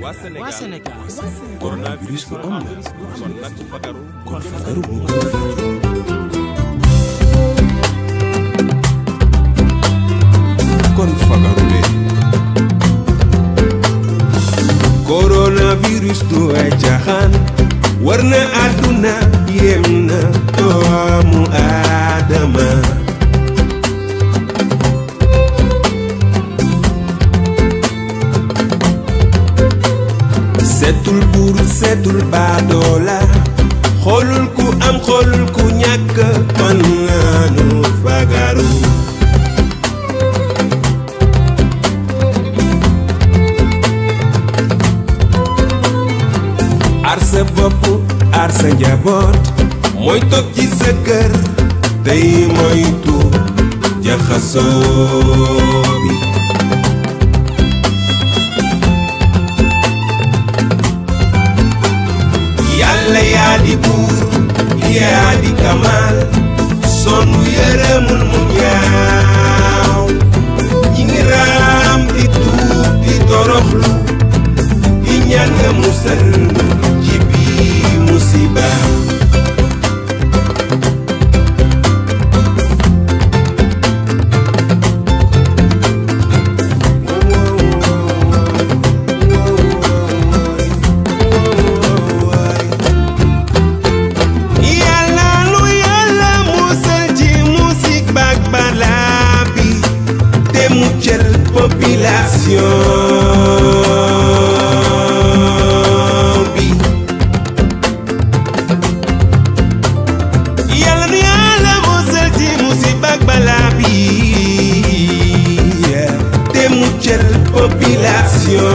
waa Sénégal waa coronavirus lu am la kon fagaru moo gën a faju kon seetul buur seetul baadoola xoolul ku am xoolul ku ñàkk kon fagaru ar sa bopp ar sa njaboot mooy toog ci sa kër tey moytu jaxasoo bi yàlla di buur yaa di kamal son wu yërëmul mu ñi ngi di tuub di toroxlu di ñaan nga musal compilación. Y al real el timus y bagbalabi de mucha compilación.